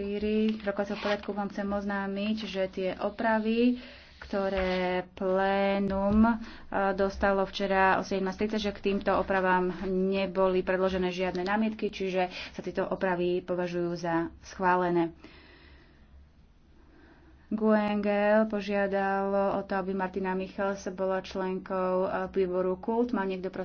4 rokovacieho poriadku vám chcem oznámiť, že tie opravy, ktoré plénum e, dostalo včera o 17.30, že k týmto opravám neboli predložené žiadne námietky, čiže sa tieto opravy považujú za schválené. Guengel požiadal o to, aby Martina Michels bola členkou e, výboru KULT. Má niekto prosím?